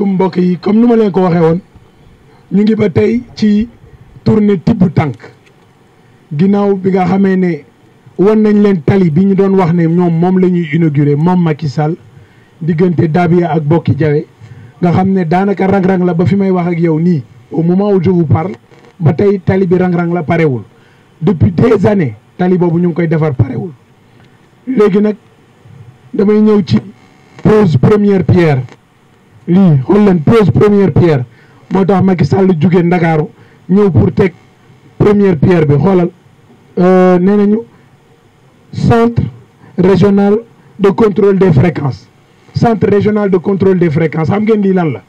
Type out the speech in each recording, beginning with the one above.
asalaamaaleykum mbokk yi comme nu ma leen ko waxee woon ñu ngi ba tey ci tournée tibb tànk ginnaaw bi nga xamee ne wan nañ leen tali bi ñu doon wax ne ñoom moom la ñuy inauguré moom Macky Sall diggante Dabiya ak Bokki Jawe nga xam ne daanaka rang-rang la ba fi may wax ak yow nii au moment où je vous parle ba tey tali bi rang-rang la parewul depuis des années tali boobu ñu ngi koy defar parewul léegi nag damay ñëw ci pose première pierre lii xool leen pose première pierre moo tax Macky Sall jugee Ndakaaru ñëw pour teg première pierre bi xoolal euh, nee nañu centre régional de contrôle des fréquences centre régional de contrôle des fréquences xam ngeen lii lan la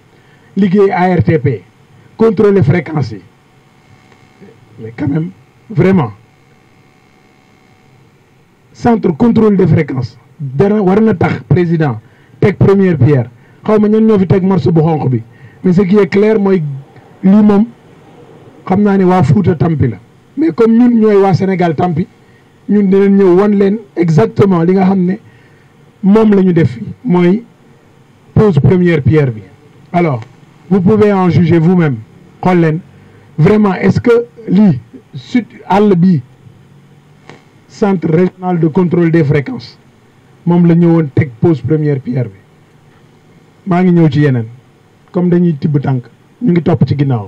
liggéey ARTP contrôler fréquences yi mais vraiment centre contrôle de fréquence dara war na tax président teg première pierre xaw ma ñan ñoo fi teg marché bu xonq bi mais ce qui est clair mooy lii moom xam naa ne waa Fuuta tampi la mais comme ñun ñooy waa Sénégal tampi ñun dinañ ñëw won leen exactement li nga xam ne moom la ñu def mooy pose première pierre bi alors vous pouvez en juger vous-même xool leen vraiment est-ce que lii sud àll bii centre régional de contrôle des fréquences moom la ñëwoon teg pose première pierre bi maa ngi ñëw ci yeneen comme dañuy tibb tànk ñu ngi topp ci ginnaaw